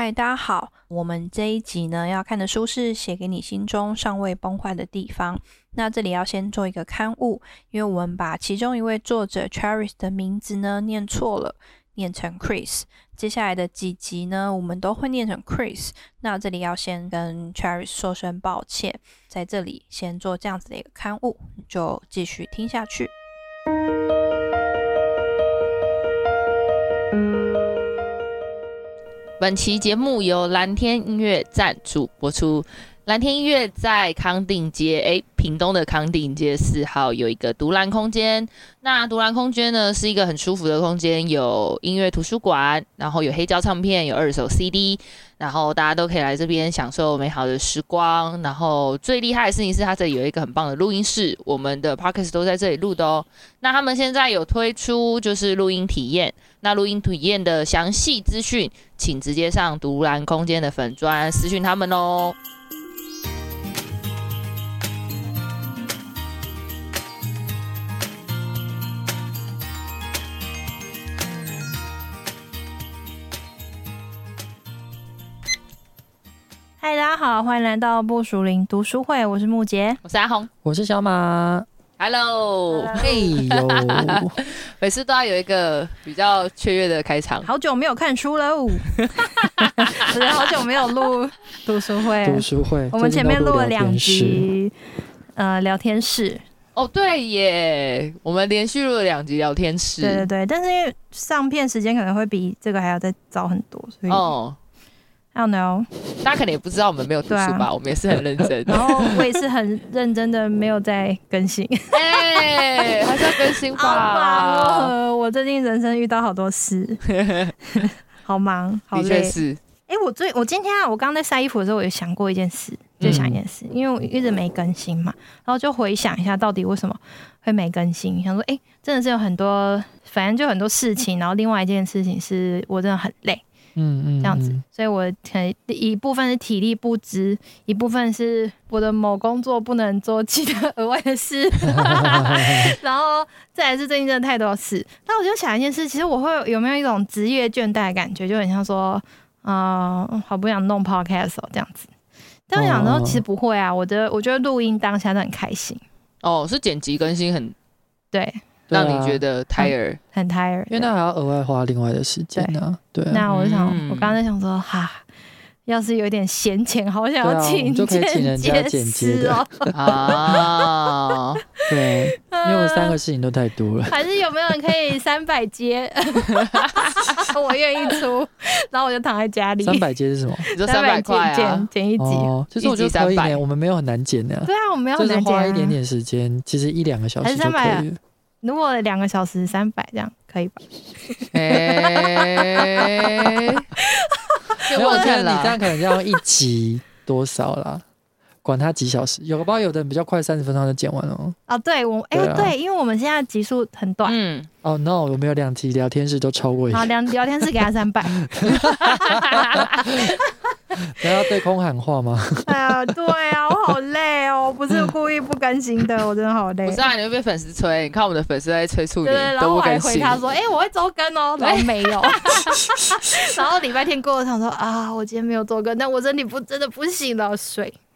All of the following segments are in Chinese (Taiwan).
嗨，大家好。我們這一集呢要看的書是《寫給你心中尚未崩壞的地方》。那這裡要先做一個勘誤，因為我們把其中一位作者 Charis 的名字呢念錯了，念成 Chris。接下來的幾集呢，我們都會念成 Chris。那這裡要先跟 Charis 說聲抱歉，在這裡先做這樣子的一個勘誤，就繼續聽下去。本期節目由藍天音樂贊助播出。藍天音樂在康定街，誒、欸，屏東的康定街四號有一個獨欄空間。那獨欄空間呢，是一個很舒服的空間，有音樂圖書館，然後有黑膠唱片，有二手 CD，然後大家都可以來這邊享受美好的時光。然後最厲害的事情是，它這裡有一個很棒的錄音室，我們的 Podcast 都在這裡錄的哦。那他們現在有推出就是錄音體驗，那錄音體驗的詳細資訊，請直接上獨欄空間的粉專私訊他們哦。好，歡迎來到不屬靈讀書會。我是木杰，我是阿紅，我是小馬。Hello，嘿喲！每次都要有一個比較雀躍的開場。好久沒有看書嘍， 好久沒有錄讀書會、啊，讀書會。我們前面錄了兩集，呃，聊天室。哦、oh,，對耶，我們連續錄了兩集聊天室。對對對，但是因為上片時間可能會比這個還要再早很多，所以、oh.。Oh, no、大家可能也不知道我們沒有讀書吧、啊，我們也是很認真的。然後我也是很認真的，沒有在更新。哎、 欸，還是要更新吧？好、oh, 忙、no, no. 我最近人生遇到好多事， 好忙，好累。的確是。哎、欸，我最我今天啊，我剛剛在曬衣服的時候，我有想過一件事、嗯，就想一件事，因為我一直沒更新嘛，然後就回想一下到底為什麼會沒更新。想說，哎、欸，真的是有很多，反正就很多事情、嗯。然後另外一件事情是我真的很累。嗯嗯，這樣子，所以我可能一部分是體力不支，一部分是我的某工作不能做其他額外的事， 然後再來是最近真的太多事。那我就想一件事，其實我會有沒有一種職業倦怠的感覺，就很像說啊、呃，好不想弄 podcast 這樣子。但我想說，其實不會啊，哦、我覺得我覺得錄音當下都很開心。哦，是剪輯更新很，對。.讓、啊、你覺得 tired、嗯、很 tired，因為那還要額外花另外的時間呢、啊。對，對、啊，那我就想，嗯、我剛剛在想說，哈，要是有點閒錢，好想要請、啊、就可以請人家剪接的啊。喔、 對，因為我三個事情都太多了。啊、還是有沒有人可以三百接？ 我願意出，然後我就躺在家裡。三百接是什麼？你說三百塊剪剪，剪一集哦？就是我覺得可以，我們沒有很難剪的、啊、呀。對啊，我們要、啊就是、花一點點時間、啊，其實一兩個小時就可以了。如果兩個小時三百這樣可以吧？哎、欸， 沒有啦，我看你這樣可能就要用一集多少啦。 管他幾小時，有個包有的人比較快，三十分鐘就剪完了。哦、啊，對，我哎呦、欸，對，因為我們現在集數很短。嗯。哦、oh，no，我們有兩期聊天室都超過一次。好，聊聊天室給他三百。哈哈哈哈哈哈！哈哈！哈哈！哈哈！你要對空喊話嗎？哎呀，對啊，我好累哦， 我不是故意不更新的，我真的好累。我 上啊，你會被粉絲催，你看我們的粉絲在催促你，都不更新。然後我還回他說：“哎、欸，我會週更哦。”然後沒有。 然後禮拜天過了，想說啊，我今天沒有週更，但我真的不真的不行了，睡。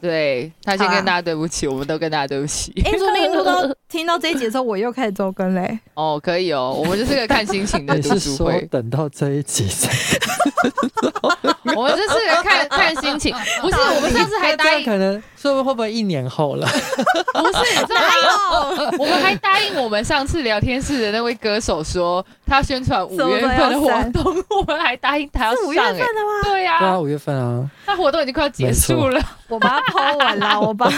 對他先跟大家對不起、啊，我們都跟大家對不起。哎、欸，說不定都聽到這一集的時候，我又開始周更嘞。哦，可以哦，我們就是個看心情的讀書會。也是說等到這一集，一集 我們就是個看看心情。不是，我們上次還答應，可能說會不會一年後了？ 不是，還有。 我們還答應我們上次聊天室的那位歌手說，他宣傳五月份的活動，我， 我們還答應他要、欸、五月份的嗎？對呀、啊，對啊，五月份啊。那活動已經快要結束了。 我把它拋完了，我把，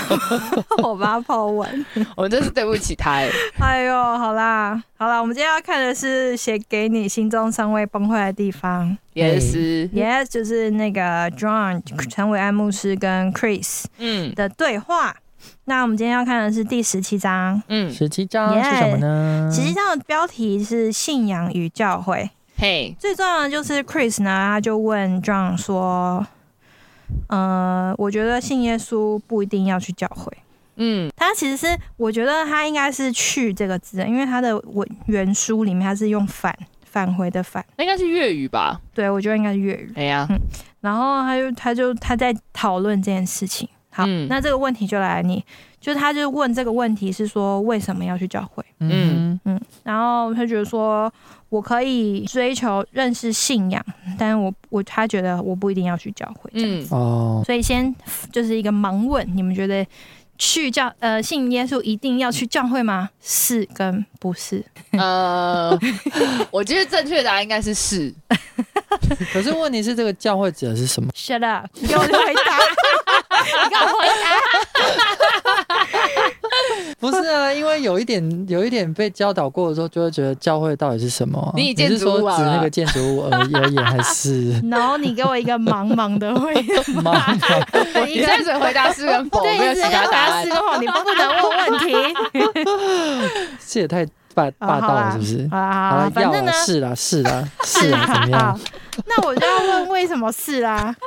我把拋完，我真是對不起他哎。哎呦，好啦，好啦，我們今天要看的是寫給你心中尚未崩壞的地方。Yes，Yes，yes, 就是那個 John 陳韋安牧師跟 Charis 的對話、嗯。那我們今天要看的是第十七章。嗯，十七章是什麼呢？十、yes, 七章的標題是信仰與教會。嘿、hey.，最重要的就是 Charis 呢，他就問 John 說。呃，我覺得信耶穌不一定要去教會。嗯，他其實是，我覺得他應該是去這個字，因為他的文原書裡面他是用返返回的返，那應該是粵語吧？對，我覺得應該是粵語。哎呀，嗯，然後他就他就他在討論這件事情。好，嗯，那這個問題就來了，你，就他就問這個問題是說，為什麼要去教會？嗯嗯，嗯，然後他覺得說，我可以追求認識信仰，但是我我他覺得我不一定要去教會這樣子。嗯哦，所以先就是一個盲問，你們覺得去教呃信耶穌一定要去教會嗎？嗯、是跟不是？呃， 我覺得正確答案應該是是。 可是問題是，這個教會指的是什麼？Shut up，你給我回答，你給我回答。 不是啊，因為有一點，有一點被教導過的時候，就會覺得教會到底是什麼，啊你以啊？你是說指那個建築物而言， 呃、還是然後、 no, 你給我一個茫茫的回答。 茫茫的位置 你現在只回答是跟否，不 回答 是否，你不能問問題。這也太霸 霸道了，是不是？啊、哦、要啊！是了、啊，是了、啊，是了、啊，怎麼樣？ 那我就要問為什麼是啦？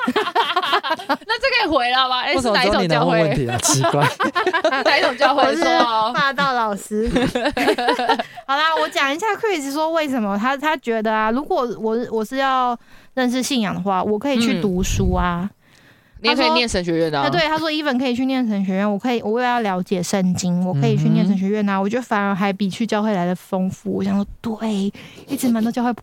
那這可以回了吧？哎、欸，是哪一種教會問問啊？奇怪 哪一種教會是霸道老師？ 好啦，我講一下，Charis 說為什麼他他覺得啊，如果我我是要認識信仰的話，我可以去讀書啊，嗯、你也可以念神學院的啊。 對，他說 Even 可以去念神學院，我可以我也要了解聖經，我可以去念神學院啊。嗯嗯，我覺得反而還比去教會來得豐富。我想說，對，一直蠻多教會。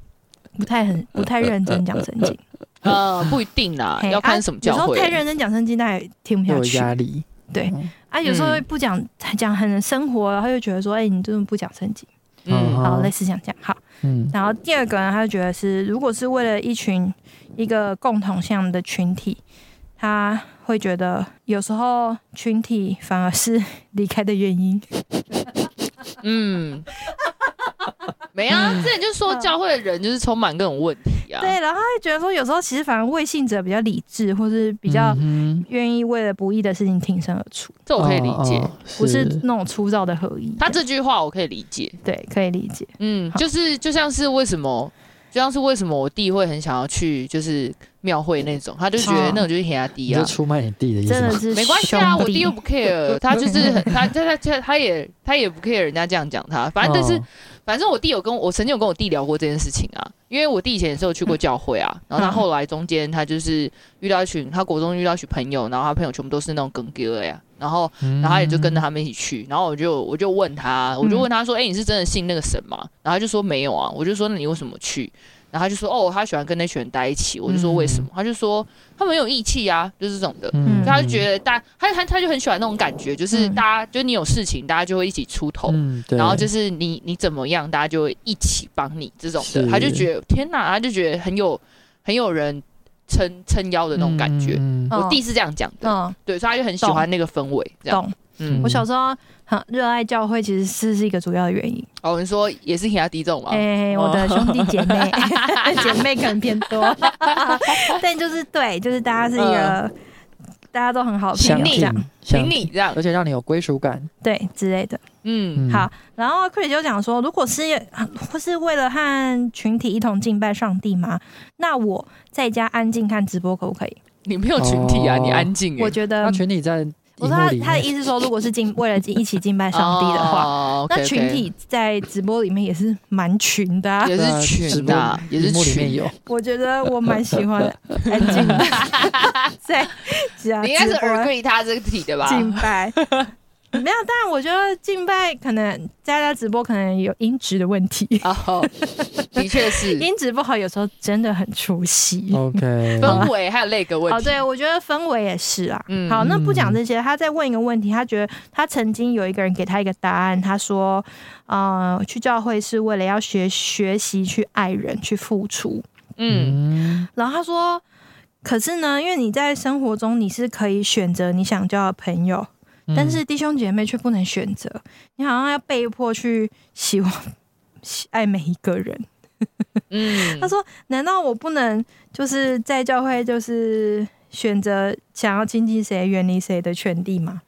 不太很，不太認真講聖經，呃，不一定啦，要看什麼教會。有時候太認真講聖經，他也聽不下去，有壓力。對，啊，有時候會不講，講、嗯、很生活，他就覺得說：“哎、欸，你這種不講聖經。”嗯，好，類似像這樣，好。嗯，然後第二個呢，他就覺得是，如果是為了一群一個共同向的群體，他會覺得有時候群體反而是離開的原因。嗯。 沒啊，這也就是說教會的人就是充滿各種問題啊。嗯呃、對，然後他會覺得說有時候其實反而未信者比較理智，或是比較願意為了不義的事情挺身而出，這我可以理解、哦哦，不是那種粗糙的合一。他這句話我可以理解，對，可以理解，嗯，就是、啊、就像是為什麼。就像是為什麼我弟會很想要去就是廟會那種，他就覺得那種就是很阿弟啊，啊就出賣你弟的意思嗎？沒關係啊，我弟又不 care，他就是很他他他他也他也不 care 人家這樣講他，反正但是，哦，反正是我弟有跟我，我曾經有跟我弟聊過這件事情啊，因為我弟以前的時候去過教會啊，嗯，然後他後來中間他就是遇到一群他國中遇到群朋友，然後他朋友全部都是那種耿哥呀。然後，然後他也就跟着他們一起去。嗯、然後我就我就問他，我就問他說：“哎、嗯欸，你是真的信那個神嗎？”然後他就說：“沒有啊。”我就說：“那你為什麼去？”然後他就說：“哦，他喜歡跟那群人待一起。”我就說：“為什麼、嗯？”他就說：“他們有義氣啊，就是這種的。嗯”他就覺得大，他他他就很喜歡那種感覺，就是大家、嗯、就你有事情，大家就會一起出頭。嗯、然後就是你你怎麼樣，大家就會一起幫你這種的。他就覺得天哪，他就覺得很有很有人。撐撐腰的那種感覺，嗯、我弟是這樣講的，嗯，對，所以他就很喜歡那個氛圍，嗯，我小時候很熱愛教會，其實是是一個主要的原因。哦，你們說也是以壓敵眾嘛？哎、欸，我的兄弟姐妹，哦、 姐妹可能偏多， 但就是對，就是大家是一個。嗯大家都很好評你，請你，而且讓你有歸屬感，對之類的。嗯，好。然後 Charis 就講說，如果是或是為了和群體一同敬拜上帝嗎？那我在家安靜看直播可不可以？你沒有群體啊，哦、你安靜。我覺得那群體在。我說，他的意思說，如果是進為了進一起敬拜上帝的話，oh, okay, okay. 那群體在直播裡面也是蠻群的、啊呃，也是群的，也是群。 我覺得我蠻喜歡安靜的，敬拜，在家。你應該是耳背他這個體的吧？敬拜。 沒有，但我覺得敬拜可能在家直播可能有音質的問題。 Oh, 的確確是。 音質不好有時候真的很出戲。OK，氛圍還有那個問題。哦、okay.，oh, 對，我覺得氛圍也是啊。嗯，好，那不講這些。他在問一個問題，他覺得他曾經有一個人給他一個答案，他說：“啊、呃，去教會是為了要學學習去愛人，去付出。”嗯，然後他說：“可是呢，因為你在生活中你是可以選擇你想交的朋友。”但是弟兄姐妹卻不能選擇、嗯，你好像要被迫去喜歡、喜愛每一個人。 嗯，他說：“難道我不能就是在教會就是選擇想要親近誰、遠離誰的權利嗎？”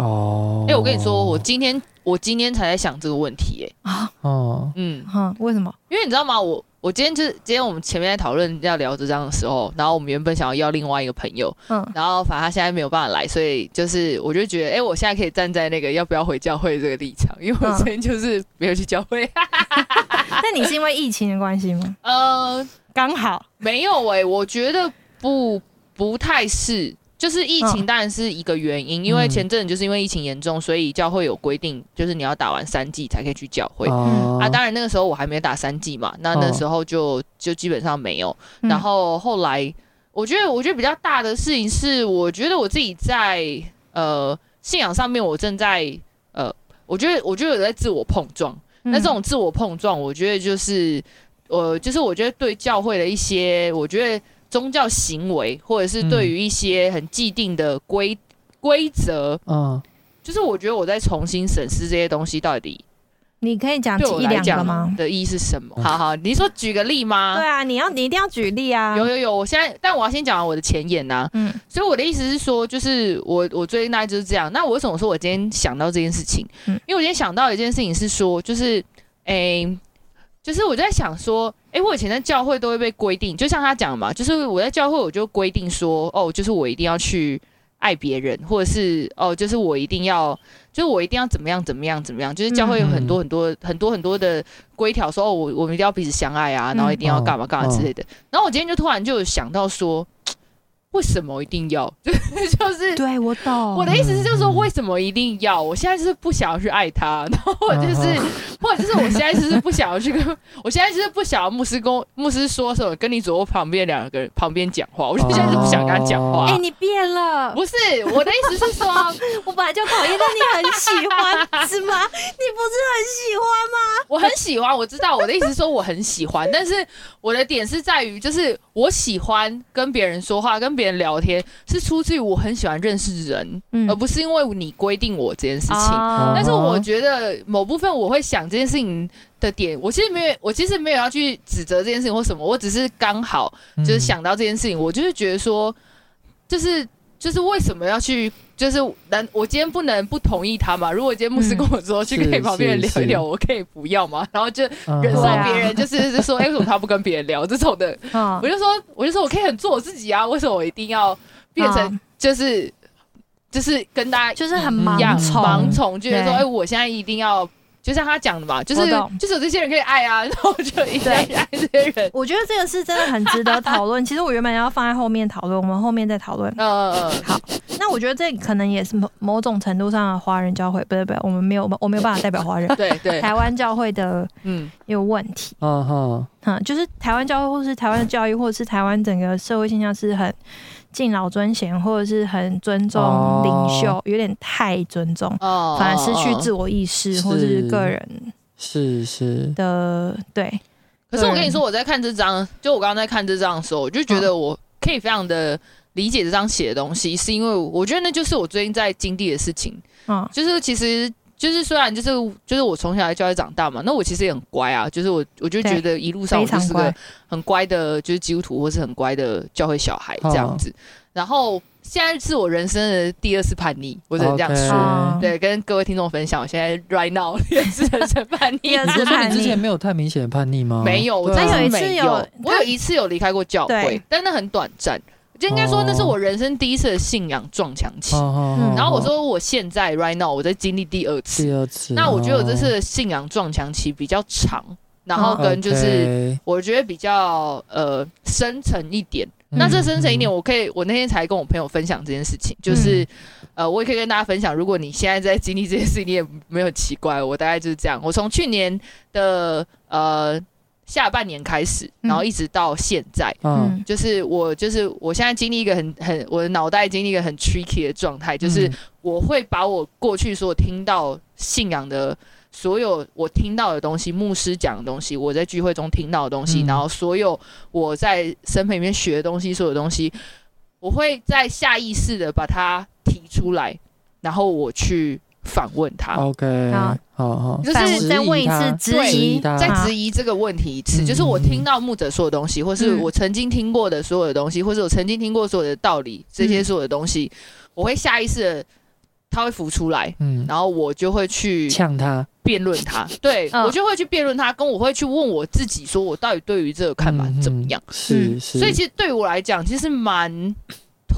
哦，哎，我跟你說，我今天我今天才在想這個問題，哎啊，哦，嗯，哈，為什麼？因為你知道嗎？我我今天就是今天我們前面在討論要聊這章的時候，然後我們原本想要要另外一個朋友，嗯，然後反正他現在沒有辦法來，所以就是我就覺得，哎，我現在可以站在那個要不要回教會這個立場，因為我昨天就是沒有去教會、嗯。那 你是因為疫情的關係嗎？呃，剛好沒有哎、欸，我覺得不不太是。就是疫情當然是一個原因，哦嗯、因為前陣子就是因為疫情嚴重，所以教會有規定，就是你要打完三劑才可以去教會、哦。啊，當然那個時候我還沒打三劑嘛，那那時候就、哦、就基本上沒有、嗯。然後後來，我覺得我覺得比較大的事情是，我覺得我自己在呃信仰上面，我正在呃，我覺得我覺得有在自我碰撞。嗯、那這種自我碰撞，我覺得就是呃，就是我覺得對教會的一些，我覺得。宗教行為，或者是對於一些很既定的規規則，嗯，就是我覺得我在重新審視這些東西到底，你可以講舉一兩個嗎？的意義是什麼？好好，你說舉個例嗎？對啊，你要你一定要舉例啊！有有有，我現在，但我要先講我的前言啊，嗯，所以我的意思是說，就是我我最近大概就是這樣。那我為什麼說我今天想到這件事情？嗯，因為我今天想到的一件事情是說，就是誒。欸就是我在想說，誒、欸，我以前在教會都會被規定，就像他講的嘛，就是我在教會我就規定說，哦，就是我一定要去愛別人，或者是哦，就是我一定要，就是我一定要怎麼樣怎麼樣怎麼樣，就是教會有很多很多很多很多的規條，說哦，我我們一定要彼此相愛啊，然後一定要幹嘛幹嘛之類的。然後我今天就突然就有想到說。為什麼一定要？就是就是，對，我懂。我的意思是，就是說，為什麼一定要？我現在就是不想要去愛他，然後就是、啊，或者是我現在是不想要去跟， 我現在就是不想要牧師公牧師說什麼，跟你坐我旁邊兩個人旁邊講話，我就現在是不想跟他講話。哎，你變了。不是，我的意思是說， 我本來就討厭，但你很喜歡 是嗎？你不是很喜歡嗎？我很喜歡，我知道，我的意思是，說我很喜歡，但是我的點是在於就是。我喜歡跟別人說話，跟別人聊天是出自於我很喜歡認識人，嗯、而不是因為你規定我這件事情、啊。但是我覺得某部分我會想這件事情的點，我其實沒有，我其實沒有要去指責這件事情或什麼，我只是剛好就是想到這件事情，嗯、我就是覺得說，就是。就是為什麼要去？就是難，我今天不能不同意他嘛？如果今天牧師跟我說、嗯、去跟旁邊人聊一聊，我可以不要嘛？然後就忍受別人，嗯、人就，是就是說、 欸、為什麼他不跟別人聊這種的、嗯？我就說，我就說，我可以很做我自己啊！為什麼我一定要變成就是、嗯、就是跟大家就是很盲盲從？就是說，哎、欸，我現在一定要。就像他講的吧，就是就是有這些人可以愛啊，然後就一直愛這些人。我覺得這個是真的很值得討論。 其實我原本要放在後面討論，我們後面再討論。嗯嗯嗯。好，那我覺得這可能也是某種程度上的華人教會，不對不對，我們沒有我沒有辦法代表華人。 對對。台灣教會的嗯有問題。嗯哼，嗯，就是台灣教會，或者是台灣的教育，或者是台灣整個社會現象是很。敬老尊賢，或者是很尊重領袖，哦、有點太尊重、哦，反而失去自我意識，哦、或者是個人，是是的，對。可是我跟你說，我在看這章，就我剛剛在看這章的時候，我就覺得我可以非常的理解這章寫的東西，嗯，是因為我覺得那就是我最近在經歷的事情。嗯，就是其實。就是雖然就是就是我從小在教會長大嘛，那我其實也很乖啊。就是我我就覺得一路上我就是個很乖的，就是基督徒或是很乖的教會小孩這樣子。哦、然後現在是我人生的第二次叛逆，哦、我只能這樣說。哦、對，跟各位聽眾分享，我現在 right now 也是人生叛逆。 叛逆 你說說你之前沒有太明顯的叛逆嗎？沒有，啊、我沒有，有一次有，我有一次有離開過教會，但那很短暫。就應該說那是我人生第一次的信仰撞牆期，哦哦哦哦，然後我說我現在 right now 我在經歷第二次，第二次，哦。那我覺得我這次的信仰撞牆期比較長，哦、然後跟就是我覺得比較、哦、呃深層一點。嗯、那這深層一點，我可以、嗯、我那天才跟我朋友分享這件事情，就是、嗯、呃我也可以跟大家分享，如果你現在在經歷這件事情，你也沒有奇怪，我大概就是這樣。我從去年的呃。下半年開始，然後一直到現在，嗯，就是我，就是我現在經歷一個很很，我的腦袋經歷一個很 tricky 的狀態，就是我會把我過去所有聽到信仰的所有我聽到的東西，牧師講的東西，我在聚會中聽到的東西，嗯、然後所有我在神邊裡面學的東西，所有東西，我會在下意識的把它提出來，然後我去。反問他，OK，好,好,好，就是再問一次，質疑,疑，再質疑這個問題一次。嗯、就是我聽到牧者說的東西、嗯，或是我曾經聽過的所有的東西，或是我曾經聽過所有的道理，嗯、這些所有的東西，我會下意識的，他會浮出來，嗯，然後我就會去嗆他，辯論他，對、呃、我就會去辯論他，跟我會去問我自己，說我到底對於這個看法怎麼樣？嗯、是,是，所以其實對於我來講，其實蠻。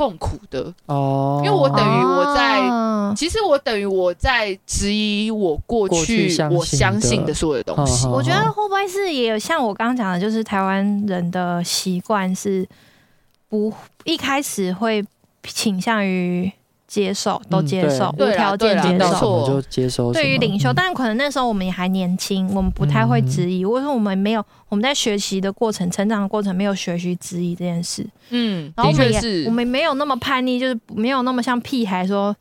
痛苦的哦，因為我等於我在、哦，其實我等於我在質疑我過去我相信的，相信的相信所有的東西。呵呵呵，我覺得會不會是也有像我剛剛講的，就是台灣人的習慣是不一開始會傾向於。接受，都接受，嗯、無條件接受。對於領袖，但可能那時候我們也還年輕，嗯，我們不太會質疑，為什麼我們沒有我們在學習的過程、成長的過程沒有學習質疑這件事。嗯，然後我們也的確是。我們沒有那麼叛逆，就是沒有那麼像屁孩說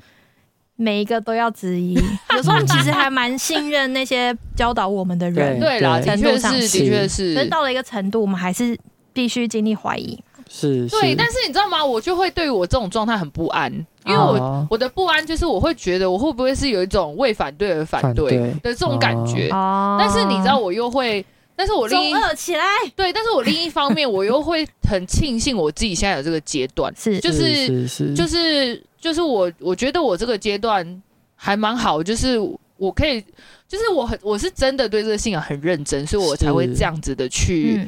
每一個都要質疑。 有時候其實還蠻信任那些教導我們的人。 對啦，程度上是，的確是，是。但是到了一個程度，我們還是必須經歷懷疑。是，是對，但是你知道嗎？我就會對我這種狀態很不安，因為我、哦、我的不安就是我會覺得我會不會是有一種為反對而反對的這種感覺。哦、但是你知道，我又會，但是我另一起來，對，但是我另一方面，我又會很慶幸我自己現在有這個階段，是就是就是，是，是就是、就是、我我覺得我這個階段還蠻好，就是我可以，就是我很我是真的對這個信仰很認真，所以我才會這樣子的去。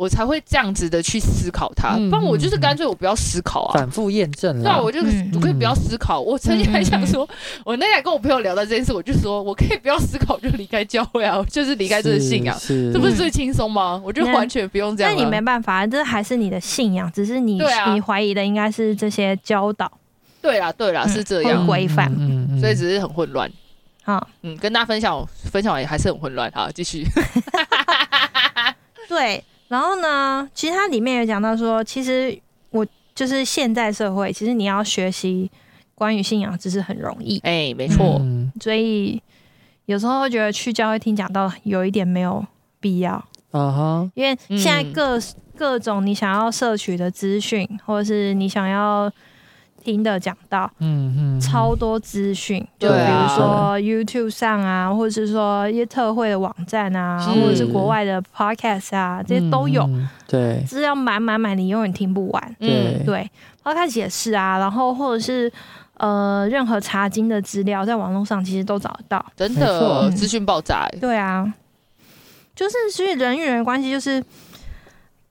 我才會這樣子的去思考它，不然我就是乾脆我不要思考啊，嗯嗯、反覆驗證。對、啊，我就我可以不要思考、嗯。我曾經還想說，嗯、我那天跟我朋友聊到這件事、嗯，我就說，我可以不要思考，就離開教會啊，我就是離開這個信仰，這不是最輕鬆嗎、嗯？我就完全不用這樣。那、嗯、你沒辦法，這是還是你的信仰，只是你、啊、你懷疑的應該是這些教導。對啦，對啦，是這樣不規範、嗯嗯，所以只是很混亂。好，嗯，跟大家分享分享完也還是很混亂。好，繼續。 對。然後呢，其實它裡面有講到說，其實我就是現在社會，其實你要學習關於信仰知識很容易。誒、欸、沒錯、嗯。所以有時候會覺得去教會聽講到有一點沒有必要。啊、uh、哈 -huh，因為現在各、嗯、各種你想要攝取的資訊，或者是你想要。聽的講到，嗯嗯，超多資訊，就比如說 YouTube 上啊，啊，或者是說一些特會的網站啊，或者是國外的 Podcast 啊，嗯、這些都有，對，資料滿滿滿，你永遠聽不完，對對，然後他解釋是啊，然後或者是呃，任何查經的資料，在網絡上其實都找得到，真的，資訊、嗯、爆炸、欸，對啊，就是所以人與人的關係就是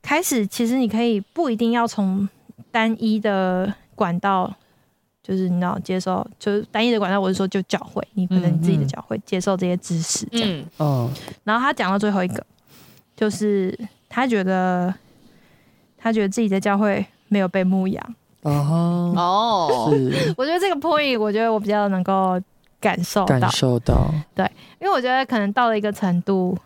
開始，其實你可以不一定要從單一的。管道就是你要接受，就是單一的管道，我是說就教會你，可能你自己的教會接受這些知識，這樣。哦、嗯嗯，然後他講到最後一個，嗯、就是他覺得他覺得自己的教會沒有被牧養。哦哦， 我覺得這個 point，我覺得我比較能夠感受到，感受到。對，因為我覺得可能到了一個程度，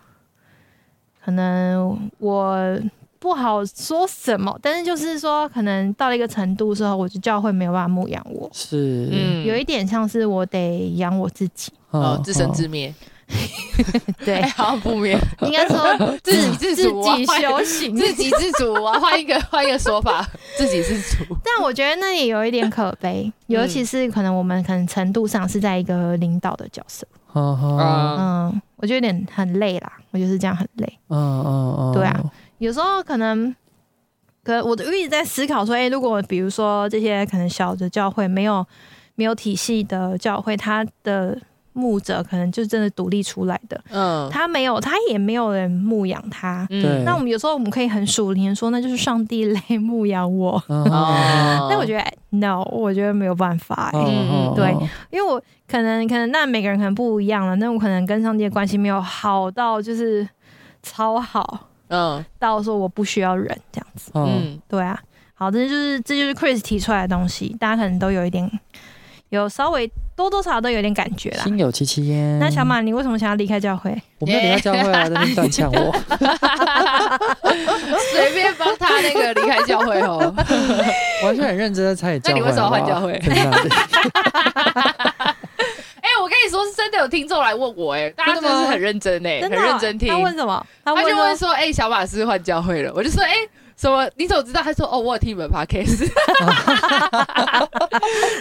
可能我。不好說什麼，但是就是說，可能到了一個程度之後，我就教會沒有辦法牧養我，是，嗯，有一點像是我得養我自己，哦，自生自滅， 對，哎、好不滅， 應該說自給自足，自己修行，自給自足啊，換一個換一個說法， 自己自足。 但我覺得那也有一點可悲、嗯，尤其是可能我們可能程度上是在一個領導的角色，嗯嗯，嗯，我覺得有點很累啦，我就是這樣很累，嗯嗯嗯，對啊。有時候可能，可能我一直在思考說，哎、欸，如果比如說，這些可能小的教會沒有沒有體系的教會，他的牧者可能就是真的獨立出來的，嗯，他沒有，他也沒有人牧養他，嗯，那我們有時候我們可以很屬靈說，那就是上帝來牧養我，那、嗯 哦、我覺得 no，我覺得沒有辦法，欸、嗯嗯，對，因為我可能可能那每個人可能不一樣了，那我可能跟上帝的關係沒有好到就是超好。嗯，到時候我不需要人這樣子嗯，嗯，對啊，好的，這就是這就是 Charis 提出來的東西，大家可能都有一點，有稍微多多少少都有點感覺啦。心有戚戚焉。那小馬，你為什麼想要離開教會？我沒有離開教會啊，你敢嗆我？隨 便幫他那個離開教會哦。 完全很認真的參那你為什麼換教會？ 所以說是真的有聽眾來問我欸，大家都是很認真欸，很認真聽。真的啊？他問什麼？他問喔？他就問說：“欸，小馬是換教會了。”我就說：“欸。”什麼？你怎麼知道？他說：“哦，我有聽你們 podcast。”我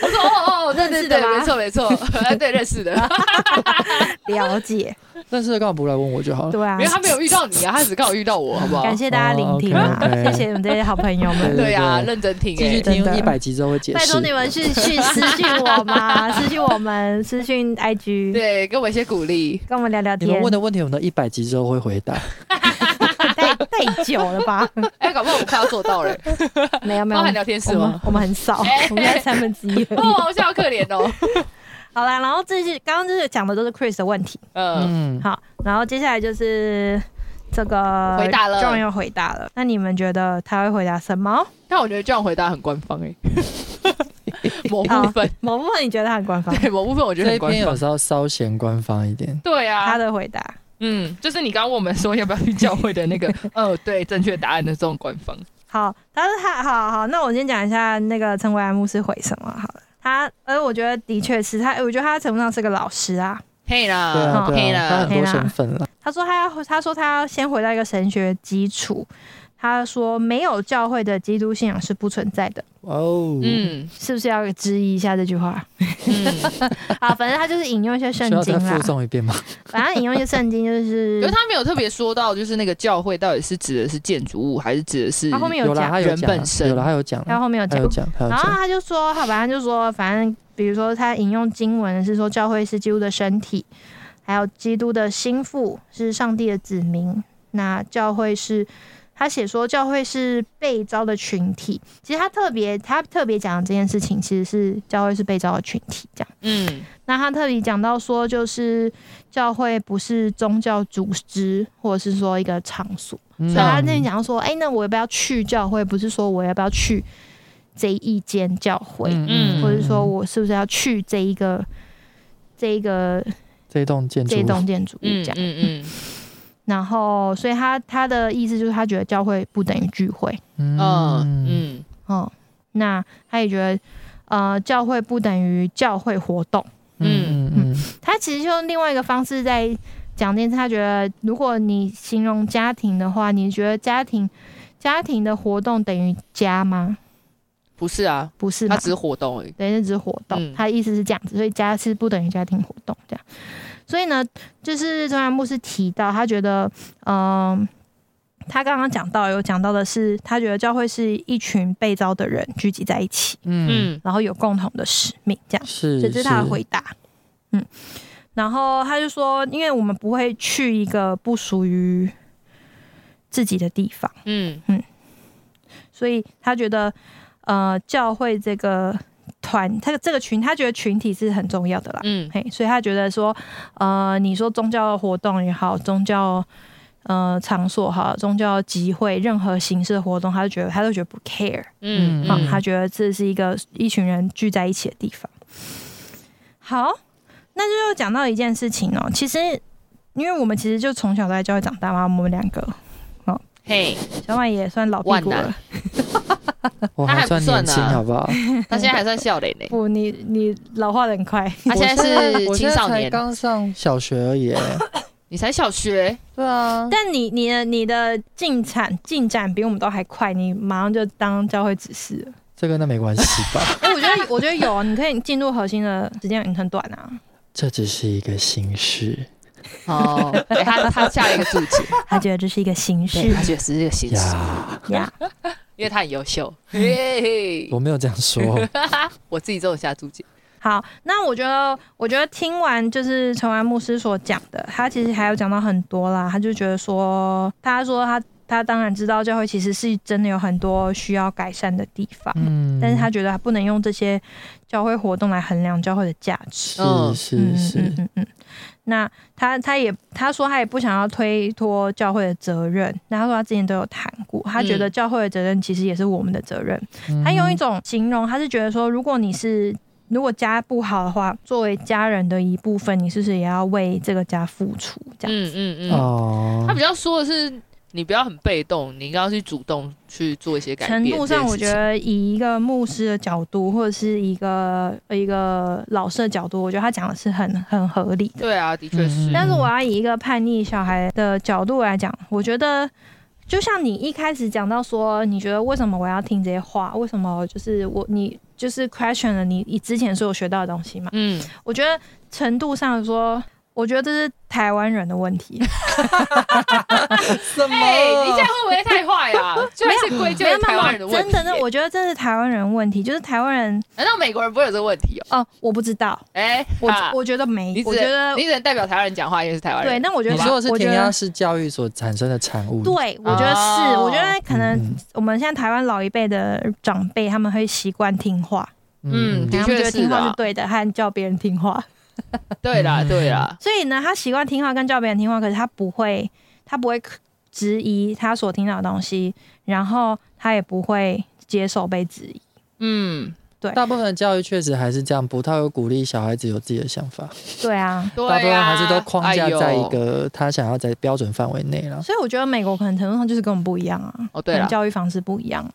說：“哦哦對對對，認識的，沒錯沒錯，對，認識的， 了解。認識剛好不來問我就好了。對啊，因為他沒有遇到你啊，他只剛好遇到我，好不好？感謝大家聆聽啊，哦、okay, okay 謝謝你們這些好朋友們。對啊，認真聽，繼續聽一百集之後會解釋。拜托你們去去私信我嗎 私信我們，私信 IG。對，跟我一些鼓勵，跟我們聊聊天。你們問的問題，我們一百集之後會回答。 ” 太久了吧？哎、欸，搞不好我們快要做到了、欸 沒。沒有沒有，包含聊天室嗎？我們,我們很少， 我們才三分之一。哇，我好可憐哦。好了，然後這是剛剛就是講的都是 Charis 的問題。嗯好，然後接下來就是這個回答了 John 要回答了。那你們覺得他會回答什麼？但我覺得 John 回答很官方哎、欸。 某部分、oh,，某部分你覺得他很官方？對，某部分我覺得官方，稍稍稍嫌官方一點。對啊，他的回答。嗯，就是你剛剛問我們說要不要去教會的那個， 哦，對，正確答案的這種官方。好，但是他，好好，好，那我先講一下那個陳韋安牧師回什麼好了。他，呃，我覺得的確是他，他、呃，我覺得他稱不上是個老師啊，嘿了，嘿、嗯啊啊、啦，了，多身份了。他說他要，他說他要先回到一個神學基礎。他說：“沒有教會的基督信仰是不存在的。”哦，嗯，是不是要質疑一下這句話？ 好，反正他就是引用一些聖經啦，需要複誦一遍嘛，反正引用一些聖經就是，因為他沒有特別說到，就是那個教會到底是指的是建築物，還是指的是？ 啊，他，他，他，他後面有講，他有講，他有講，他後面有講，然後他就說，好吧，他就說，反正比如說他引用經文是說，教會是基督的身體，還有基督的新婦是上帝的子民，那教會是。他寫說，教會是被召的群體。其實他特別，他特別講這件事情，其實是教會是被召的群體。這樣，嗯，那他特別講到說，就是教會不是宗教組織，或者是說一個場所。嗯、所以他那邊講到說，哎、欸，那我要不要去教會？不是說我要不要去這一間教會，嗯，嗯，或者說我是不是要去這一個，這一個，這棟建築，這棟建築，嗯嗯。嗯然後，所以他他的意思就是，他覺得教會不等於聚會。嗯嗯嗯哦、嗯，那他也覺得，呃，教會不等於教會活動。嗯嗯，嗯。他其實就用另外一個方式在講，就是他覺得，如果你形容家庭的話，你覺得家庭家庭的活動等於家嗎？不是啊，不是，他只是活動而已，等於只是活動，嗯。他的意思是這樣子，所以家是不等於家庭活動這樣。所以呢，就是韋安牧師提到，他覺得，嗯，他剛剛講到有講到的是，他覺得教會是一群被召的人聚集在一起，嗯然後有共同的使命，這樣是，這是他的回答，嗯，然後他就說，因為我們不會去一個不屬於自己的地方，嗯嗯，所以他覺得，呃，教會這個。團，他這個群，他覺得群體是很重要的啦，嗯，嘿，所以他覺得說，呃，你說宗教活動也好，宗教呃場所哈，宗教集會任何形式的活動，他就覺得他都覺得不 care，嗯，啊，他，嗯，哦，覺得這是一個一群人聚在一起的地方。好，那就要講到一件事情哦，其實因為我們其實就從小在教會長大嘛，我們兩個，哦，嘿、hey，小馬也算老屁股了。 他還算、啊、還算年輕，好不好？他現在還算小的嘞。不，你你老化得很快。他現在是青少年，剛 上小學而已。你才小學？對啊。但你你你的進展進展比我們都還快，你馬上就當教會執事。這跟、個、那沒關係吧？哎、 欸，我覺得我覺得有啊，你可以進入核心的時間很短啊。 這只是一個形式。哦、oh, 欸，他他下一個注解， 他覺得這是一個形式，他覺得是一個形式呀。Yeah. Yeah. 因為他很優秀，嘿嘿嘿，我沒有這樣說， 我自己做的下注解。好，那我覺得，我覺得聽完就是陳韋安牧師所講的，他其實還有講到很多啦。他就覺得說，他說他他當然知道教會其實是真的有很多需要改善的地方，嗯，但是他覺得他不能用這些教會活動來衡量教會的價值，是是是，嗯嗯。嗯嗯那他他也他說他也不想要推脫教會的責任，那他說他之前都有談過，他覺得教會的責任其實也是我們的責任。嗯。他用一種形容，他是覺得說，如果你是如果家不好的話，作為家人的一部分，你是不是也要為這個家付出？這樣子，嗯嗯，哦，嗯，oh. 他比較說的是。你不要很被動，你應該要去主動去做一些改變情。程度上，我覺得以一個牧師的角度，或者是一個一個老師的角度，我覺得他講的是很很合理的。對啊，的確是。嗯。但是我要以一個叛逆小孩的角度來講，我覺得就像你一開始講到說，你覺得為什麼我要聽這些話？為什麼就是我你就是 question 了你你之前所有學到的東西嘛？嗯，我覺得程度上說。我覺得這是台灣人的問題。 什麼、欸？你這樣會不會太壞了、啊？ 就還是歸咎於台灣人的問題、 啊。真的，我覺得這是台灣人問題，就是台灣人。難道美國人不會有這個問題、喔？哦、呃，我不知道。哎、啊，我我覺得沒。我覺得你只能代表台灣人講話，因為是台灣人。對，那我覺得你說的是填鴨式教育所產生的產物。對，我覺得是。哦、我覺得可能我們現在台灣老一輩的長輩他們會習慣聽話。嗯，的確聽話是對的，還叫別人聽話。 對啦，對啦，嗯、所以呢，他習慣聽話，跟教別人聽話，可是他不會，他不會質疑他所聽到的東西，然後他也不會接受被質疑。嗯，對，大部分的教育確實還是這樣，不太會鼓勵小孩子有自己的想法。對啊，大部分還是都框架在一個、哎、他想要在標準範圍內了。所以我覺得美國可能程度上就是跟我們不一樣啊，哦對教育方式不一樣、啊。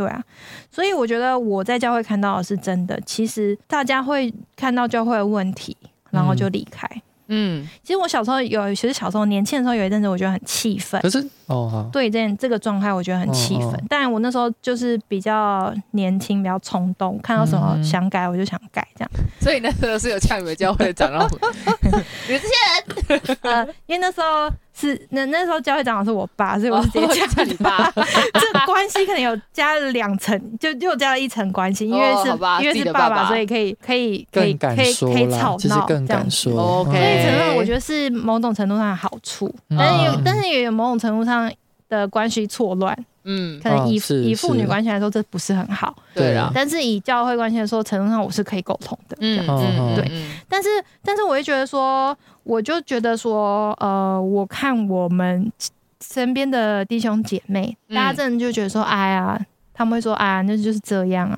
對啊，所以我覺得我在教會看到的是真的。其實大家會看到教會的問題，然後就離開嗯。嗯，其實我小時候有，其實小時候年輕的時候有一陣子，我覺得很氣憤。可是哦，對這樣這個狀態，我覺得很氣憤、哦。但我那時候就是比較年輕，比較衝動，看到什麼想改、嗯、我就想改，這樣。所以那時候是有嗆你們教會長老，你們這些人。呃、 uh,，因為那時候。是，那那時候教會長老是我爸，所以我是直接叫爸，哦、爸 這關係可能有加了兩層， 就又加了一層關係，因為是，哦、因為是爸爸，爸爸，所以可以，可以，可以，可以，可以吵鬧、就是，這樣更敢說、哦、OK，所以可能我覺得是某種程度上的好處，嗯、但是有，但是也有某種程度上。的關係錯亂，嗯，可能以、哦、以父女關係來說，這不是很好，對啊。但是以教會關係來說，程度上我是可以溝通的，嗯嗯，對。但、嗯、是，但是，嗯、但是我也覺得說，我就覺得說，呃，我看我們身邊的弟兄姐妹、嗯，大家真的就覺得說，哎呀，他們會說啊、哎，那就是這樣啊，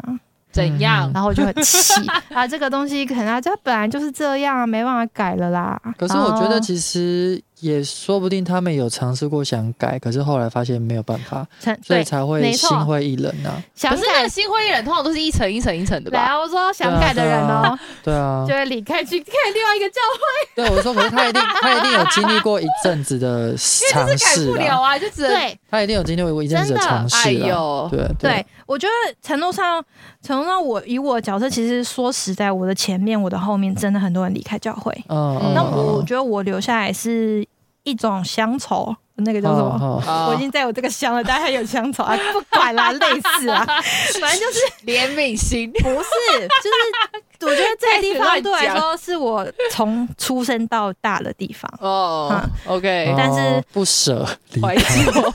怎樣？嗯、然後我就很氣 啊，這個東西可能他本來就是這樣，啊，沒辦法改了啦。可是我覺得其實。也說不定他們有嘗試過想改，可是後來發現沒有辦法，所以才會心灰意冷啊。可是那個心灰意冷，通常都是一層一層一層的吧。來、啊，我說想改的人哦、啊，對啊，就會離開去看另外一個教會。對、啊對，啊 對，我說可是他一定他一定有經歷過一陣子的嘗試，改不了啊，就只能，他一定有經歷過一陣子的嘗試、啊。對有試、哎、對，對，對，我覺得程度上程度上，我以我的角色，其實說實在，我的前面我的後面，真的很多人離開教會。嗯，那、嗯嗯、我覺得我留下來是。一種鄉愁，那個叫什麼？Oh, oh. 我已經在我這個鄉了，oh. 但還有鄉愁啊！不管啦， 類似啊， 反正就是憐憫心， 不是就是。我覺得這個地方對我來說，是我從出生到大的地方哦。嗯 oh, OK，但是、oh, 不捨懷舊，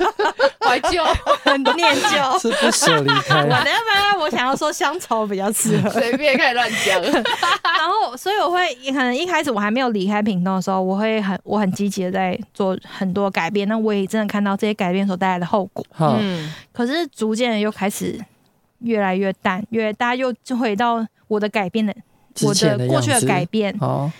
懷舊 懷疑 很念舊究， 是不捨離開、啊。等下，慢慢我想要說鄉愁比較適合，隨 便可以亂講。 然後，所以我會可能一開始我還沒有離開頻道的時候，我會很我很積極的在做很多改變，那我也真的看到這些改變所帶來的後果。嗯，可是逐漸又開始。越來越淡，越、越大家又就回到我的改變的、的，我的過去的改變，哦、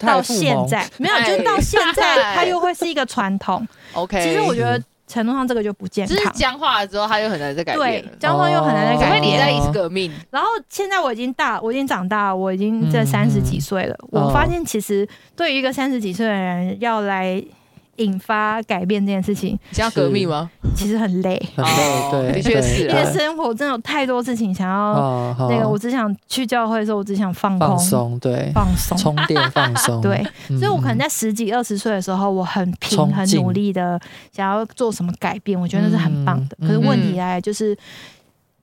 到現在、哎、沒有、就是、到現在、哎、它又會是一個傳統。OK， 其實我覺得程度上這個就不健康。只是僵化了之後，它又很難再改變。對，僵化又很難再改變。哦、因為你在一直革命。然後現在我已經大，我已經長大了，我已經在三十幾歲了、嗯。我發現，其實對於一個三十幾歲的人要來。引發改變這件事情，你知道革命嗎？其實很累，對，的確是因為生活真的有太多事情想要那個。我只想去教會的時候，我只想放空，放鬆，對，放鬆，充電放，放鬆，對。所以，我可能在十幾二十歲的時候，我很拼，嗯，很努力的想要做什麼改變，我覺得那是很棒的。嗯、可是問題來就是、嗯，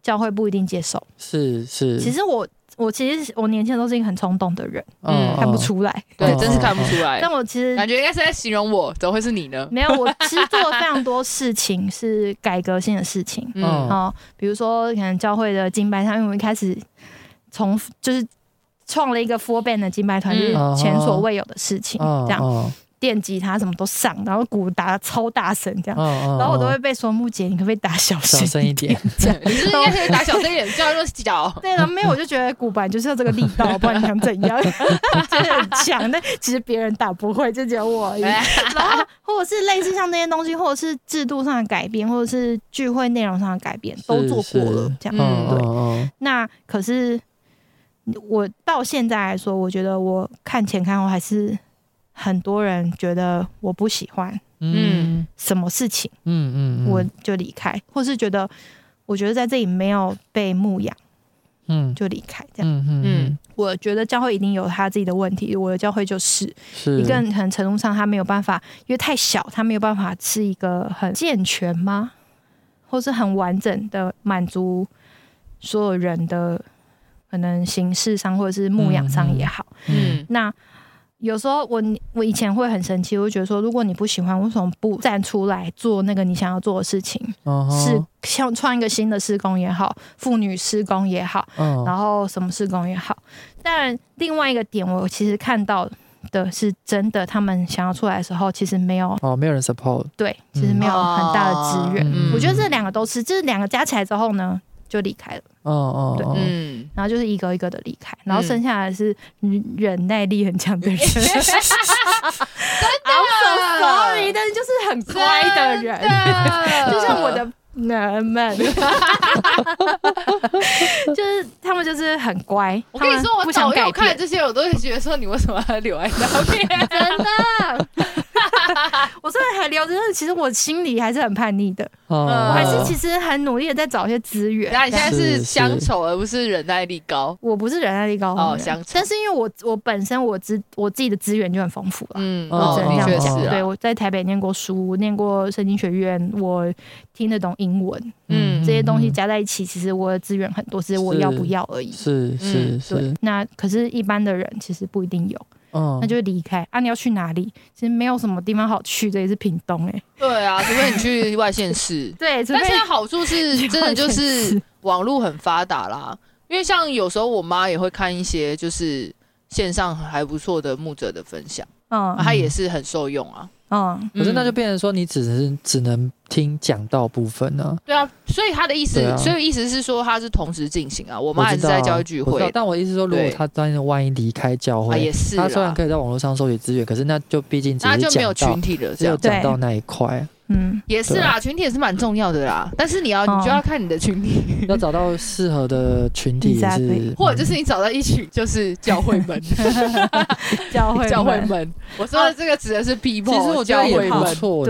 教會不一定接受，是是。其實我。我其實我年輕都是一個很衝動的人，嗯，看不出來，對，對真是看不出來。 但我其實感覺應該是在形容我，怎麼會是你呢？沒有，我其實做了非常多事情 是改革性的事情，嗯，哦、嗯，比如說可能教會的敬拜上面，因為我一開始從就是創了一個 full band 的敬拜團，嗯就是前所未有的事情，嗯嗯、這樣。嗯嗯電吉他什麼都上，然後鼓打超大聲這樣，哦哦哦然後我都會被說木姐，你可不可以打小聲一點？你是應該可以打小聲一點，叫做腳。對了，沒有我就覺得古板就是要這個力道，不然你想怎樣？真 的 很強。但其實別人打不會，就只有我而已。 然後或者是類似像那些東西，或者是制度上的改變，或者是聚會內容上的改變，都做過了，是是這樣。嗯、對，哦哦那可是我到現在來說，我覺得我看前看後還是。很多人覺得我不喜歡，嗯，什麼事情，嗯嗯，我就離開，嗯嗯嗯，或是覺得我覺得在這裡沒有被牧養，嗯，就離開，這樣，嗯嗯，嗯，我覺得教會一定有他自己的問題，我的教會就是，是一個，很程度上他沒有辦法，因為太小，他沒有辦法是一個很健全嗎？或是很完整的滿足所有人的可能形式上或者是牧養上也好，嗯，嗯那。有時候我我以前會很生氣，我就覺得說，如果你不喜歡，我為什麼不站出來做那個你想要做的事情？Uh -huh. 是像創一個新的事工也好，婦女事工也好，uh -huh. 然後什麼事工也好。但另外一個點，我其實看到的是，真的他們想要出來的時候，其實沒有哦，沒有人 support，對，其實沒有很大的資源。Uh -huh. 我覺得這兩個都是，就是兩個加起來之後呢。就離開了，哦哦，對，嗯，然後就是一個一個的離開，然後剩下的是忍耐力很強的人、 嗯 真的，然後很聰明，sorry, 但是就是很乖的人，的 就像我的男們， Na -man 就是他們就是很乖。 我跟你說，我不想要看這些，我都會覺得說你為什麼要留在那邊。 真的。 我雖然還聊着，但其實我心裡還是很叛逆的，哦、我還是其實很努力的在找一些資源。嗯、但那你現在是鄉愁，而不是忍耐力高。我不是忍耐力高，鄉、哦、愁。但是因為我我本身我知我自己的資源就很豐富了，嗯，我只能這樣講、哦。對、哦、我在台北念過書，念過聖經學院，我聽得懂英文，嗯，嗯，這些東西加在一起，其實我的資源很多，只是我要不要而已。是是是，嗯是。那可是，一般的人其實不一定有。嗯，那就離開啊！你要去哪裡？其實沒有什麼地方好去，這也是屏東哎、欸。對啊，除非你去外縣市。 對，但是它好處是，真的就是網絡很發達啦。因為像有時候我媽也會看一些，就是線上還不錯的牧者的分享。嗯，他也是很受用啊。嗯，嗯可是那就變成說，你只能只能聽講道部分呢、啊？對啊，所以他的意思，啊、所以意思是說，他是同時進行啊。我們還是在教會聚會，但我意思說，如果他當一萬一離開教會，他雖然可以在網絡上收集資源，可是那就畢竟，他就沒有群體的，只有講到那一塊。嗯，也是啦，群體也是蠻重要的啦。但是你要，oh. 你就要看你的群體， 要找到適合的群體是，exactly. 或者就是你找到一群就是教會們， 對 教會門教會們。我說的這個指的是 people 其實是我教會們，對對，對，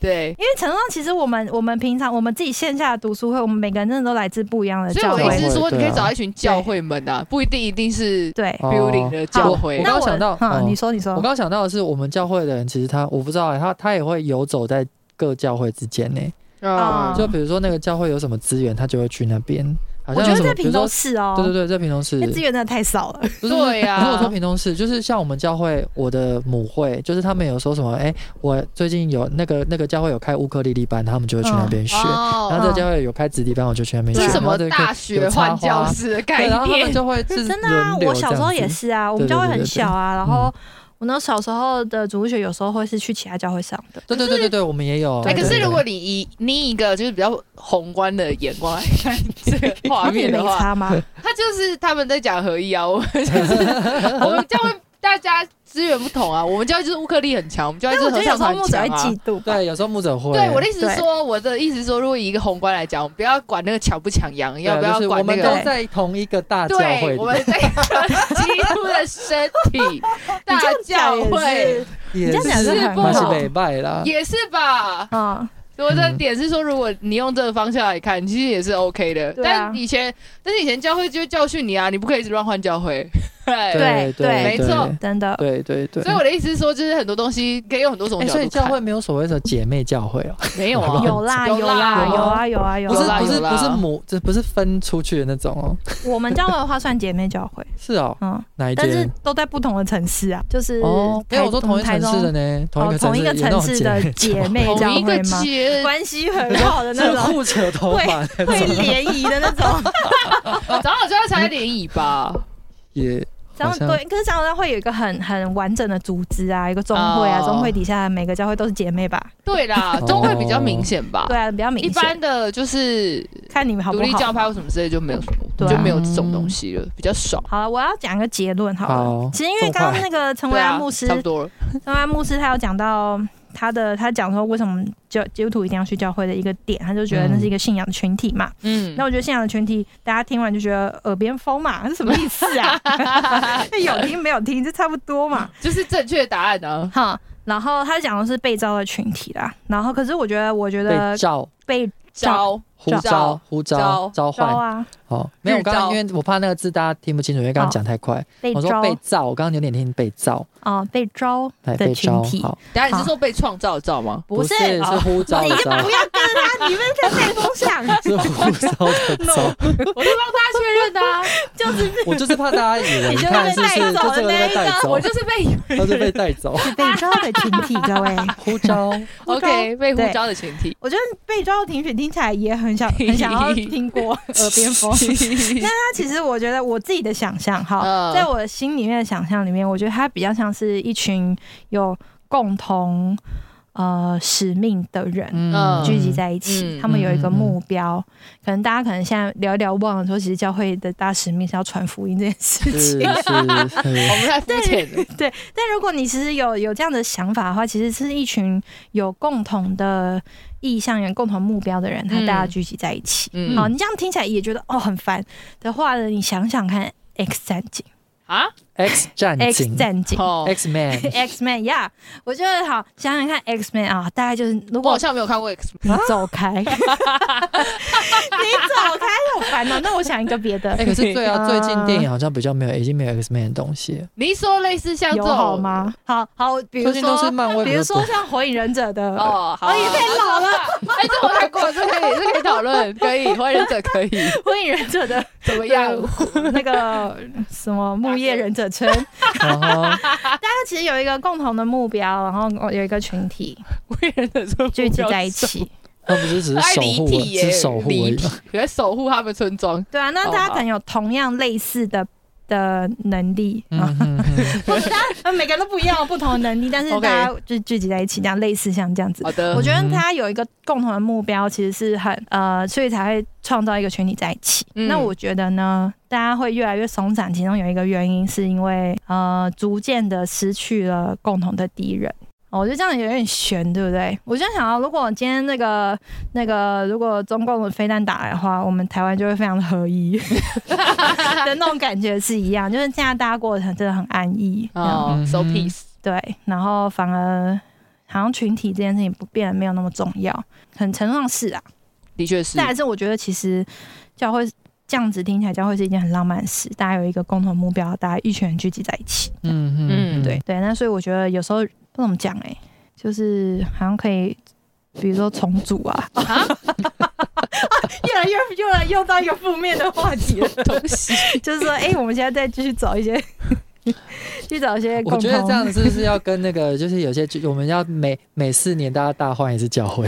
對。因為陳東其實我們我們平常我們自己線下的讀書會，我們每個人真的都來自不一樣的教會，所以我意思是說你可以找一群教會們啊，不一定一定是 building 對 building、oh. 的教會。我剛想到，哦嗯、你說你說，我剛想到的是我們教會的人，其實他我不知道、欸、他他也會遊走在。各教會之間呢、欸，啊、oh.，就比如說那個教會有什麼資源，他就會去那邊。我覺得在屏東市哦，對對對，在屏東市，資源真的太少了。 對呀、啊。就是，如果說屏東市，就是像我們教會，我的母會，就是他們有說什麼？哎、欸，我最近有那個那個教會有開烏克麗麗班，他們就會去那邊學。Oh. 然後這個教會有開直笛班，oh. 我就去那邊學。Oh. 這個 oh. 什麼大學換教室的概念？然後他們就會真的啊。我小時候也是啊，我們教會很小啊，對對對對對，嗯、然後。我那小時候的主日學有時候會是去其他教會上的，對對對對對，我們也有。哎、欸，可是如果你以另一個就是比較宏觀的眼光來看這個畫面的話，沒差嗎？ 他就是他們在講合一啊，我們就是 我們教會大家。資源不同啊，我們教就，就是烏克力很強，我們教就，就是合唱團強嘛？對，有時候牧者會。對，我的意思說，我的意思說，如果以一個宏觀來講，我們不要管那個搶不搶羊，要不要管個？就是、我們都在同一個大教會對，我們在基督的身體 大教會也是不好，也是吧？啊、嗯，我的點是說，如果你用這個方向來看，其實也是 OK 的。啊、但以前，但是以前教會就教訓你啊，你不可以一直亂換教會。Right. 對對對，沒錯，對對真的。對對對，所以我的意思是說，就是很多東西可以有很多種角度看。欸、所以教會沒有所謂的姐妹教會哦、啊， 沒有啊？ 有啦有啦有啊有啊有,有,有,有,有,有。不是不是不是母，這不,不,不是分出去的那種哦、喔。 我們教會的話算姐妹教會。是哦、喔，嗯，哪一間？但是都在不同的城市啊，就是哦，沒、欸、有、欸，我都同一城市的呢，同同一個城市的姐妹教會嗎？關係很好的那種，互扯頭髮會聯誼的那種，早上就要參加聯誼吧。也。長老對，可是長老大會有一個很很完整的組織啊，一個中會啊，中、oh. 會底下的每個教會都是姐妹吧？對啦中、oh. 會比較明顯吧？對啊，比較明顯。一般的就是看你們好不好獨立教派或什麼之類，就沒有什麼，對、啊、就沒有這種東西了，比較少。好，啊、好了，我要講一個結論好了、哦，其實因為剛剛那個陳韋安牧師，陳韋、啊、安牧師他有講到。他的他講說為什麼基督徒一定要去教會的一個點，他就覺得那是一個信仰的群體嘛。嗯，那我覺得信仰的群體，大家聽完就覺得耳邊風嘛，是什麼意思啊？ 有聽沒有聽，就差不多嘛，就是正確答案的、啊。哈，然後他講的是被召的群體啦，然後可是我覺得，我覺得召被召。被呼召，呼召，呼召，召喚啊、哦！好，沒有，我剛因為我怕那個字大家聽不清楚，因為剛剛講太快、哦。我說被召，被召我剛剛有點聽被召啊、哦，被召的群體、哎、被召好。啊、等下你是說被創造，的召嗎？不是，不是，哦、是呼召，的召。你就不要跟他，你們在背風向。 是呼召，的召，的、no, 我是在幫他確認的啊。就是 我就是怕大家以為，你 看是是是這個在帶我就是被以為 他是被帶走。是被召的群體，各位，呼 召，OK，被呼召的群體。我覺得被召的停水聽起來也很。很想要聽過耳邊風，那 他其實我覺得我自己的想象哈， 在我心裡面的想象裡面，我覺得他比較像是一群有共同呃使命的人聚集在一起，嗯、他們有一個目標、嗯嗯。可能大家可能現在聊一聊忘了說，其實教會的大使命是要傳福音這件事情。 不太 對對，但如果你其實有有這樣的想法的話，其實是一群有共同的。意向、有共同目標的人，他帶大家聚集在一起。嗯，好，你這樣聽起來也覺得哦很煩的話呢，你想想看，《X 戰警》啊。X 戰警，X 戰警、oh.，X Man，X Man，yeah，我覺得好，想想看 X Man 啊，大概就是如果我好像沒有看過 X Man。走開，啊，你走開，好煩吶。那我想一個別的。可是最啊最近電影好像比較沒有，已經沒有 X Man 的東西。你一說類似像這種好嗎？好好，比如說比如說，比如說像火影忍者的，哦，好，啊，太，哦、老了。哎、 欸，這我還管着可以，這可以討論，可以。火影忍者可以。火影忍者的怎麼樣？那個什麼木葉忍者村，然後大家其實有一個共同的目標，然後有一個群體，為了聚集在一起，那 不是只是守護，體欸、只是守護，體 你在守護他們村莊， 對啊，那大家可能有同樣類似的。的能力，啊、嗯， 每個人都不一樣，不同的能力，但是大家就聚集在一起，這樣類似像這樣子。好的，我覺得他有一個共同的目標，其實是很呃，所以才會創造一個群體在一起、嗯。那我覺得呢，大家會越來越鬆散，其中有一個原因是因為呃，逐漸的失去了共同的敵人。我覺得這樣有點玄，對不對？我就在想到如果今天那個那個，如果中共的飛彈打來的話，我們台灣就會非常的合一 的那種感覺是一樣，就是現在大家過得很真的很安逸哦、oh,，so peace。對，然後反而好像群體這件事情不變沒有那麼重要，很陳舊事啊，的確是。但還是我覺得其實教會這樣子聽起來，教會是一件很浪漫的事，大家有一個共同目標，大家一群人聚集在一起。嗯嗯嗯，對嗯對。那所以我覺得有時候。不怎麼講哎、欸，就是好像可以，比如說重組啊，啊， 越來越越來越到一個負面的話題的東西，就是說，哎、欸，我們現在再繼續找一些。 去找些空空，我覺得這樣是不是要跟那個，就是有些，我們要每每四年大家大換一次教會。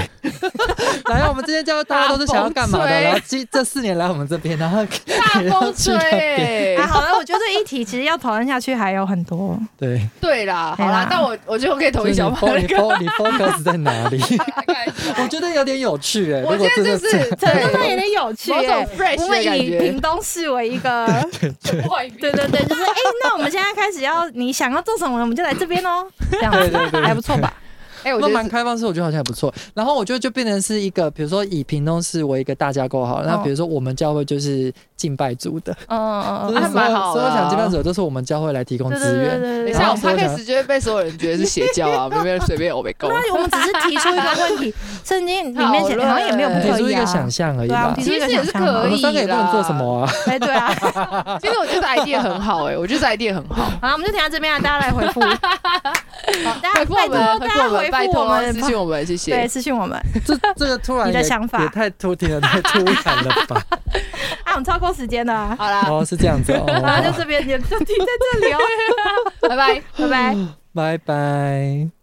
來， 我們這邊教大家都是想要幹嘛的？然後這這四年來我們這邊，然後大風吹、欸。 哎，好了，我覺得這一題其實要討論下去還有很多。對對啦，對啦，好啦，那我我覺得我可以同意小馬、那個就是、你 focus 你 focus 在哪裡？ 我覺得有點有趣哎、欸， 我覺得就是在有點有趣、欸，某種 fresh 的感覺，我們以屏東市為一個，對對對，對對對就是哎、欸，那我們現在。開始要你想要做什麼，我們就來這邊哦。這樣子 對對對對還不錯吧？ 哎、欸，我蠻開放式，我覺得好像還不錯。然後我覺得就變成是一個，比如說以屏東市為一個大架構好，哦、那比如說我們教會就是敬拜主的，嗯、哦、嗯、哦就是啊，還蠻好，啊。所以講敬拜主都是我們教會來提供資源。等一我怕開始就會被所有人覺得是邪教啊，隨便隨便 over。我們只是提出一個問題，聖 經裡面寫好，欸、好像也沒有不可以，啊，只，欸啊、一個想象而已吧。啊，其實也是可以的。我們做什麼？哎，對啊。 其實我覺得 idea 很好，欸，哎， 我覺得 idea 很好。好，我們就停在這邊了，大家來回復，大家回復我們，大家回。拜託、喔、我們，私信我們，謝謝。對，私信我們。 這這個突然你的想法也太突兀了，太突然了吧？ 啊，我們超過時間了。好啦，哦，是這樣子哦。然後 就這邊，你就停在這裡哦。拜 拜， 拜拜，拜拜。